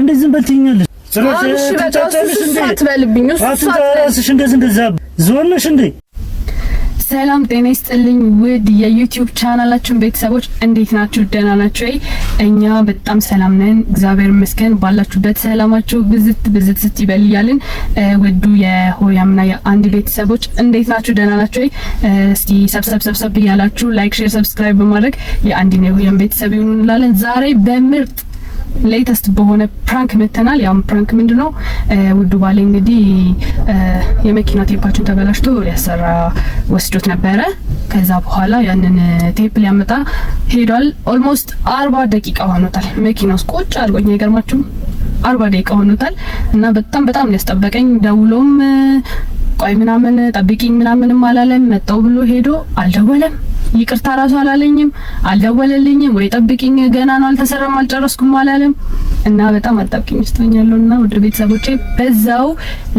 እንደዚህ ዝም በልትኛለሽ። ስለዚህ ትጫጫለሽ እንዴ? አትበልብኝ። ራስሽ እንደዚህ እንደዛ ዞነሽ እንዴ? ሰላም ጤና ይስጥልኝ ውድ የዩቲዩብ ቻናላችን ቤተሰቦች እንዴት ናችሁ? ደህና ናችሁ? እኛ በጣም ሰላም ነን፣ እግዚአብሔር ይመስገን። ባላችሁበት ሰላማችሁ ብዝት ብዝት ስት ይበል እያልን ውዱ የሆያምና የአንድ ቤተሰቦች እንዴት ናችሁ? ደህና ናችሁ? እስቲ ሰብሰብ ሰብሰብ እያላችሁ ላይክ፣ ሼር፣ ሰብስክራይብ በማድረግ የአንድና የሆያም ቤተሰብ ይሁኑ እንላለን ዛሬ በምርጥ ሌተስት በሆነ ፕራንክ መተናል። ያም ፕራንክ ምንድነው? ውዱ ባሌ እንግዲህ የመኪና ቴፓችን ተበላሽቶ ሊያሰራ ወስዶት ነበረ። ከዛ በኋላ ያንን ቴፕ ሊያመጣ ሄዷል። ኦልሞስት አርባ ደቂቃ ሆኖታል መኪና ውስጥ ቁጭ አድርጎኝ አይገርማችሁም? አርባ ደቂቃ ሆኖታል እና በጣም በጣም ያስጠበቀኝ ደውሎም ቆይ ምናምን ጠብቂኝ ምናምንም አላለም። መጣው ብሎ ሄዶ አልደወለም። ይቅርታ ራሱ አላለኝም፣ አልደወለልኝም። ወይ ጠብቂኝ ገና ነው አልተሰራም አልጨረስኩም አላለም እና በጣም አጣብቂኝ ውስጥ ሆኛለሁ። እና ውድ ቤተሰቦቼ በዛው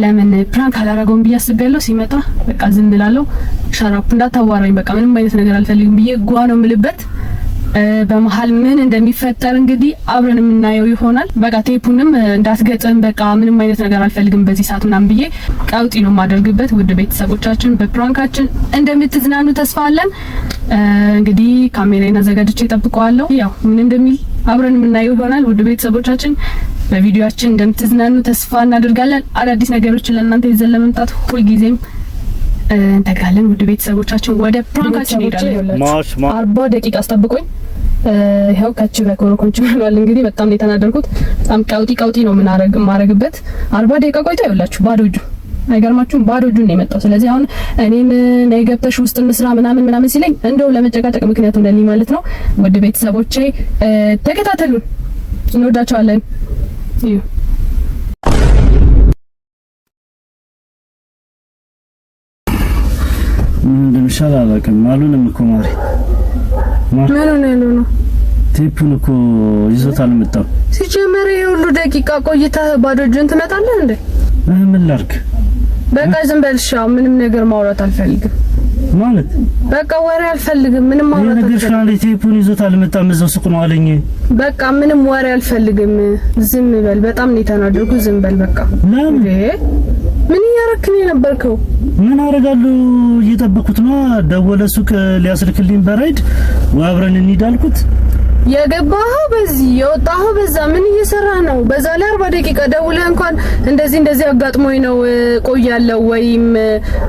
ለምን ፕራንክ አላረገውም ብዬ አስቤያለሁ። ሲመጣ በቃ ዝም ብላለሁ። ሸራፕ እንዳታዋራኝ፣ በቃ ምንም አይነት ነገር አልፈልግም ብዬ ጓ ነው የምልበት በመሀል ምን እንደሚፈጠር እንግዲህ አብረን የምናየው ይሆናል። በቃ ቴፑንም እንዳትገጥም በቃ ምንም አይነት ነገር አልፈልግም በዚህ ሰዓት ምናምን ብዬ ቀውጢ ነው የማደርግበት። ውድ ቤተሰቦቻችን በፕራንካችን እንደምትዝናኑ ተስፋ አለን። እንግዲህ ካሜራዬን አዘጋጅቼ ጠብቀዋለሁ። ያው ምን እንደሚል አብረን የምናየው ይሆናል። ውድ ቤተሰቦቻችን በቪዲዮችን እንደምትዝናኑ ተስፋ እናደርጋለን። አዳዲስ ነገሮችን ለእናንተ ይዘን ለመምጣት ሁልጊዜም እንተጋለን። ውድ ቤተሰቦቻችን ወደ ፕራንካችን ሄዳለ። አርባ ደቂቃ አስጠብቆኝ ይኸው ከች በኮረኮች ብሏል። እንግዲህ በጣም የተናደርኩት። በጣም ቀውጢ ቀውጢ ነው ምናረግ አርባ ደቂቃ ቆይቶ ይኸውላችሁ ባዶ እጁ አይገርማችሁም? ባዶ እጁን ነው የመጣው። ስለዚህ አሁን እኔን ነይ ገብተሽ ውስጥ እንስራ ምናምን ምናምን ሲለኝ እንደው ለመጨቃጨቅ ምክንያት ሆነልኝ ማለት ነው። ውድ ቤተሰቦቼ ተከታተሉ፣ እንወዳቸዋለን። ምን እንደሚሻል አላውቅም። አሉንም እኮ ማሪ ምን ሆነ ያለው ነው? ቴፑን እኮ ይዞት አልመጣም። ሲጀመር የሁሉ ደቂቃ ቆይተህ ባዶ እጅን ትመጣለህ እንዴ? ምን ላድርግ? በቃ ዝም በል ምንም ነገር ማውራት አልፈልግም ማለት በቃ ወሬ አልፈልግም። ምንም ማውራት አልፈልግም። ቴፑን ይዞት አልመጣም። እዛው ሱቅ ነው አለኝ። በቃ ምንም ወሬ አልፈልግም። ዝም በል። በጣም ነው የተናደድኩት። ዝም በል በቃ። ለምን ምን እያደረክ ነው የነበርከው? ምን አደርጋለሁ? እየጠበኩት ነው። ደወለ ሱቅ ሊያስልክልኝ በራይድ አብረን እንሂድ አልኩት። የገባኸው በዚህ የወጣኸው በዛ። ምን እየሰራ ነው? በዛ ላይ አርባ ደቂቃ ደውለህ እንኳን እንደዚህ እንደዚህ አጋጥሞኝ ነው ቆያለሁ ወይም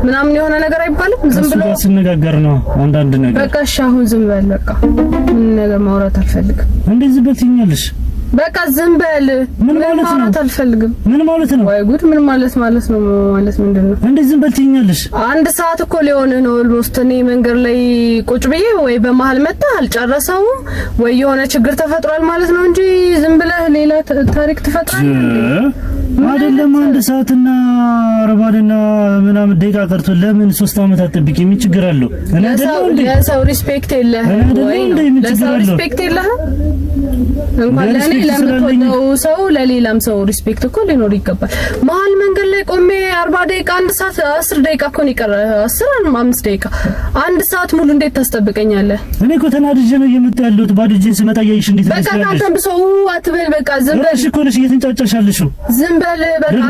ምናምን የሆነ ነገር አይባልም። ዝም ብሎ ስነጋገር ነው አንዳንድ ነገር። በቃ እሺ፣ አሁን ዝም በል በቃ። ምን ነገር ማውራት አልፈልግም። እንደዚህ በትኛለሽ በቃ ዝም በል። ምን ማለት ነው? አልፈልግም። ምን ማለት ነው? ወይ ጉድ! ምን ማለት ማለት ነው? ማለት ምንድን ነው? ዝም በል ትይኛለሽ? አንድ ሰዓት እኮ ሊሆን ነው ኦልሞስት። እኔ መንገድ ላይ ቁጭ ብዬ ወይ በመሀል መጣ አልጨረሰውም ወይ የሆነ ችግር ተፈጥሯል ማለት ነው እንጂ ዝም ብለህ ሌላ ታሪክ ትፈጥራለህ። አይደለም አንድ ሰዓትና አርባና ምናምን ደቂቃ ቀርቶ ለምን ሶስት አመት አትጠብቂ? ምን ችግር አለው? እኔ አይደለም እንዴ ለሰው ሪስፔክት የለህም ወይ ነው? ለሰው ሪስፔክት የለህም እንኳን ለኔ ለምትወደው ሰው ለሌላም ሰው ሪስፔክት እኮ ሊኖር ይገባል። መሀል መንገድ ላይ ቆሜ አርባ ደቂቃ አንድ ሰዓት አስር ደቂቃ እኮ ነው የቀረ አስር አምስት ደቂቃ አንድ ሰዓት ሙሉ እንዴት ታስጠብቀኛለህ? እኔ እኮ ተናድጄ ነው የመጣሁ ያለሁት። ባዶ እጄን ስመጣ እያየሽ እንዴት በቃ አንተም ብሰው አትበል። በቃ ዝም በል እሺ። እኮ ነሽ እየተንጫጫሻለሽ ዝም በል በቃ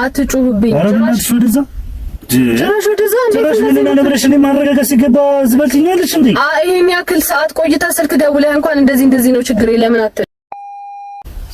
አትጩህብኝ። ኧረ በእናትሽ ወደዛ ጭራሽ ወደዛ ጭራሽ ምን ነብረሽ እኔ ማረጋጋት ሲገባ ዝበልትኛለሽ እንዴ? ይሄን ያክል ሰዓት ቆይታ ስልክ ደውለህ እንኳን እንደዚህ እንደዚህ ነው ችግሬ ለምን አትል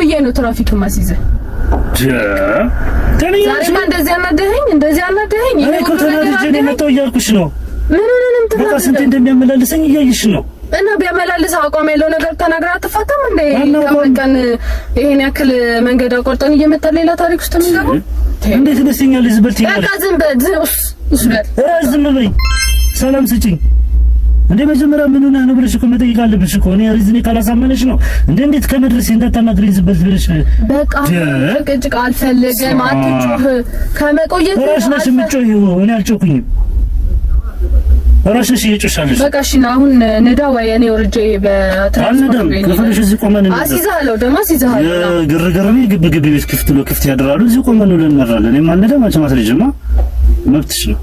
ብዬ ነው ትራፊክ ማስይዘ ዛሬማ እንደዚህ አናደኸኝ እንደዚህ አናደኸኝ። እኔ እኮ ተናድጄ ነው የመጣው እያልኩሽ ነው። ምን ምንንም በቃ ስንቴ እንደሚያመላልሰኝ እያየሽ ነው። እና ቢያመላልስ አቋም ያለው ነገር ተናግራ አትፋታም እንዴ? ያወቀን ይሄን ያክል መንገድ አቋርጠን እየመጣ ሌላ ታሪክ ውስጥ ምን የምንገባ እንዴት ደስተኛ ልዝበት ይላል። በቃ ዝም በል ዝም በል፣ ሰላም ስጭኝ እንደ መጀመሪያ ምን ሆነህ ነው ብለሽ እኮ መጠየቅ አለብሽ እኮ። እኔ ሪዝኔ ካላሳመነሽ ነው እንደ እንዴት ከመድረስ እንዳታናግሪኝበት ብለሽ በቃ ጭቅጭቅ አልፈለገም። አትጮህ ከመቆየት እራስሽ ነሽ እኔ አልጮኩኝም። እራስሽ እየጮሻለሽ። በቃ እሺ፣ ና አሁን ንዳ ወይ እኔ ወርጄ በትራንስፖርት ከፈለሽ እዚህ ቆመን አስይዝሀለሁ። ደግሞ አስይዝሀለሁ። ግርግር ቤት ግብ ግብ ቤት ክፍት ነው፣ ክፍት ያድራሉ። እዚህ ቆመን ነው ልንመራለን። እኔማ አልነዳም፣ አንቺም አትልጂማ። መብትሽ ነው።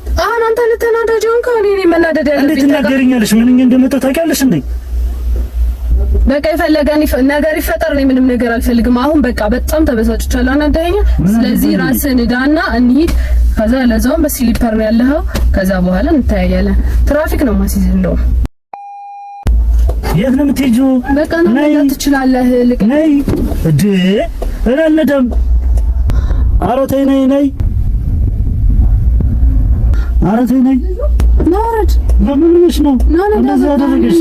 ምን ሆንክ። አሁን እኔ መናደድ ያለብኝ እንዴት ትናገሪኛለሽ? ምንኛ እንደመጣ ታውቂያለሽ እንዴ? በቃ የፈለገ ነገር ይፈጠር፣ እኔ ምንም ነገር አልፈልግም። አሁን በቃ በጣም ተበሳጭቻለሁ፣ አናደኛ። ስለዚህ ራስን እዳና እንሂድ። ከዛ ለዛውም በስሊፐር ነው ያለኸው። ከዛ በኋላ እንተያያለን። ትራፊክ ነው ማሲዝ እንደው የት ነው የምትሄጂው? በቃ ነው ማለት ትችላለህ። ልቅ ነይ እድ እላለደም አረ ተይ ነይ ነይ ኧረ ተይ ነይ ናውረድ ለምን ሆነሽ ነው እንደዚህ ያደረገሽ?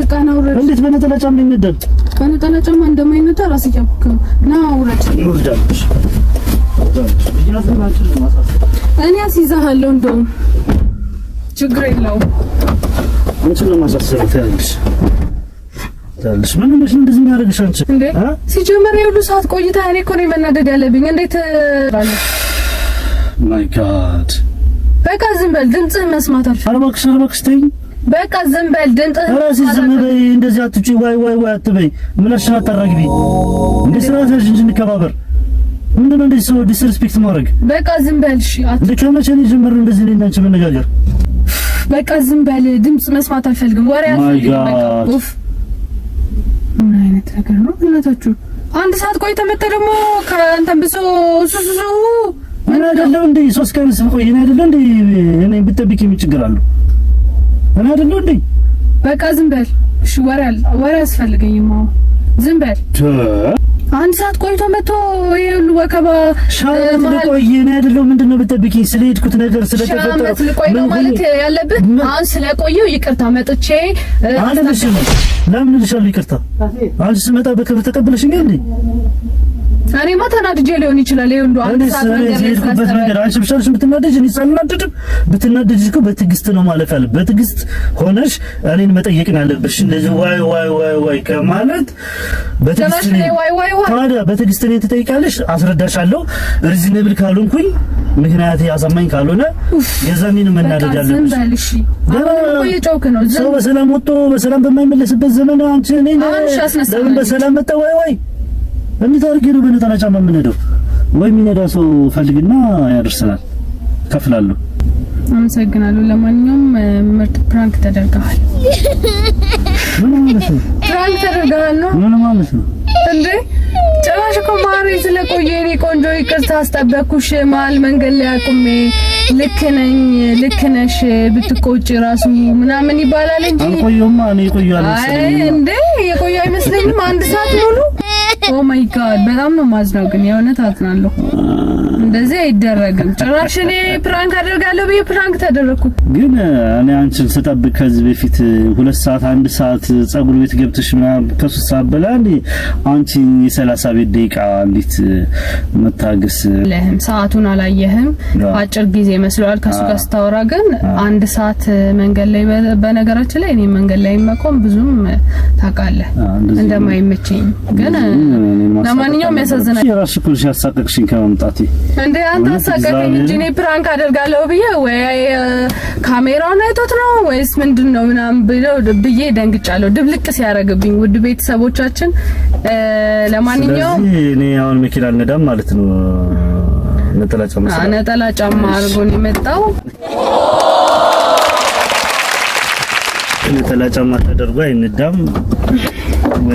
በቃ ናውረድ። እንዴት በነጠላ ጫማ ይነዳል? በነጠላ ጫማ እንደማይነዳ ራስ እያልኩ ናውረድ። እኔ አስይዝሃለሁ፣ እንደውም ችግር የለውም። አንቺን ነው የማሳስበው። ትያለሽ ትያለሽ። ምን ሆነሽ እንደዚህ የሚያደርግሽ አንቺ? እንዴ ሲጀመር የሁሉ ሰዓት ቆይታ እኔ እኮ ነኝ መናደድ ያለብኝ። እንዴት ማይ ጋድ በቃ ዝም በል። ድምፅህ መስማት አልሽ። ኧረ እባክሽ፣ ኧረ እባክሽ ተይኝ። በቃ ዝም በል። ድምፅህ ኧረ እዚህ ዝም በይ። እንደዚህ አትጪ። ዋይ ዋይ ዋይ አትበይ። ምን አልሽን አታራግቢ እንደ ስርዓት ያልሽ እንጂ እንከባበር። ምንድን ነው እንደዚህ ሰው ዲስሪስፔክት ማድረግ? በቃ ዝም በል። እሺ እንደ ከመቼ ነው የጀመርነው እንደዚህ እኔ እና አንቺ መነጋገር? በቃ ዝም በል። ድምፅ መስማት አልፈልግም። ወሬ አልፈልግም። በቃ ኡፍ። ምን አይነት ነገር ነው? እናታችሁ አንድ ሰዓት ቆይተህ መተህ ደግሞ ከእንትን ብሶ ሱሱሱ እኔ አይደለሁ እንዴ ሶስት ቀን ስቆይ እኔ አይደለሁ እንዴ እኔ ብትጠብቂ ምን ችግር አለው? እኔ አይደለሁ እንዴ በቃ ዝም በል እሺ። ወሬ ወሬ አስፈልገኝም። ዝም በል አንድ ሰዓት ቆይቶ መጥቶ ይሄ ወከባ ሻለም ልቆይ እኔ አይደለሁ። ምንድን ነው ብትጠብቂኝ? ስለሄድኩት ነገር ስለተፈጠረ ሻመት ነው ማለት ያለብህ አሁን ስለቆየው ይቅርታ መጥቼ አለምሽ ለምን ልሻለሁ ይቅርታ አንቺ ስመጣ በክብር ተቀበለሽ እንዴ እኔማ ተናድጄ ሊሆን ይችላል። ይሄ እንደው አንተ ሳትነግረኝ መንገድ አንቺ ብቻሽ ብትናደጅ እኔ ሳልናደድም ብትናደጅ እኮ በትዕግስት ነው ማለፍ ያለ በትዕግስት ሆነሽ እኔን መጠየቅ ነው ያለብሽ። እንደዚህ ዋይ ዋይ ዋይ ዋይ ከማለት በትዕግስት ታዲያ በትዕግስት እኔን ትጠይቃለሽ፣ አስረዳሻለሁ። ሪዝነብል ካልሆንኩኝ ምክንያት አሳማኝ ካልሆነ የዛኔን መናደድ አለብሽ። ሰው በሰላም ወጥቶ በሰላም በማይመለስበት ዘመን አንቺ እኔን ለምን በሰላም መጣ ዋይ ዋይ እንዴት አድርጌ ነው በነጠላ ጫማ የምንሄደው? ወይ የሚነዳ ሰው ፈልግና ያደርሰናል። ከፍላለሁ። አመሰግናለሁ። ለማንኛውም ምርጥ ፕራንክ ተደርገሃል። ምን ማለት ነው? ፕራንክ ተደርገሃል ነው? ምን ማለት ነው እንዴ? ጭራሽ እኮ ማሪ ስለቆየ እኔ ቆንጆ ይቅርታ አስጠበቅኩሽ። መሀል መንገድ ላይ አቁሜ ልክ ነኝ ልክ ነሽ ብትቆጪ ራሱ ምናምን ይባላል እንጂ አልቆየሁማ። እኔ የቆየሁ አይመስለኝም። አንድ ሰዓት ሙሉ ኦ ማይ ጋድ በጣም ነው ማዝነው። ግን የእውነት አዝናለሁ። እንደዚህ አይደረግም ጭራሽ። እኔ ፕራንክ አደርጋለሁ ብዬ ፕራንክ ተደረኩ። ግን እኔ አንቺን ስጠብቅ ከዚህ በፊት ሁለት ሰዓት አንድ ሰዓት ጸጉር ቤት ገብተሽ ምናምን ከሶስት ሰዓት በላይ አንቺ የሰላሳ ቤት ደቂቃ እንዴት መታገስ ለህም ሰዓቱን አላየህም። አጭር ጊዜ መስሏል። ከሱ ጋር ስታወራ። ግን አንድ ሰዓት መንገድ ላይ በነገራችን ላይ እኔ መንገድ ላይ መቆም ብዙም ታውቃለህ እንደማይመቸኝ ግን ለማንኛውም ያሳዝናል። የራስሽ እኮ ያሳቀቅሽኝ ከመምጣቴ እንደ አንተ አሳቀቀኝ እንጂ እኔ ፕራንክ አደርጋለሁ ብዬ ወይ ካሜራውን አይቶት ነው ወይስ ምንድን ነው ምናምን ብለው ብዬ ደንግጫለሁ። ድብልቅ ሲያደርግብኝ ውድ ቤተሰቦቻችን። ለማንኛውም እኔ አሁን መኪና አልነዳም ማለት ነው። ነጠላ ጫማ አድርጎ ነው የመጣው። ነጠላ ጫማ ተደርጎ አይነዳም።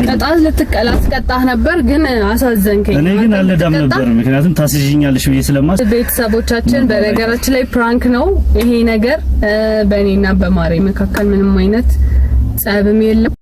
ቅጣት ልትቀላት ቀጣህ ነበር ግን አሳዘንከኝ። እኔ ግን አልነዳም ነበር ምክንያቱም ታስይኛለሽ ብዬ ስለማስ ቤተሰቦቻችን፣ በነገራችን ላይ ፕራንክ ነው ይሄ ነገር። በእኔና በማሬ መካከል ምንም አይነት ጸብም የለም።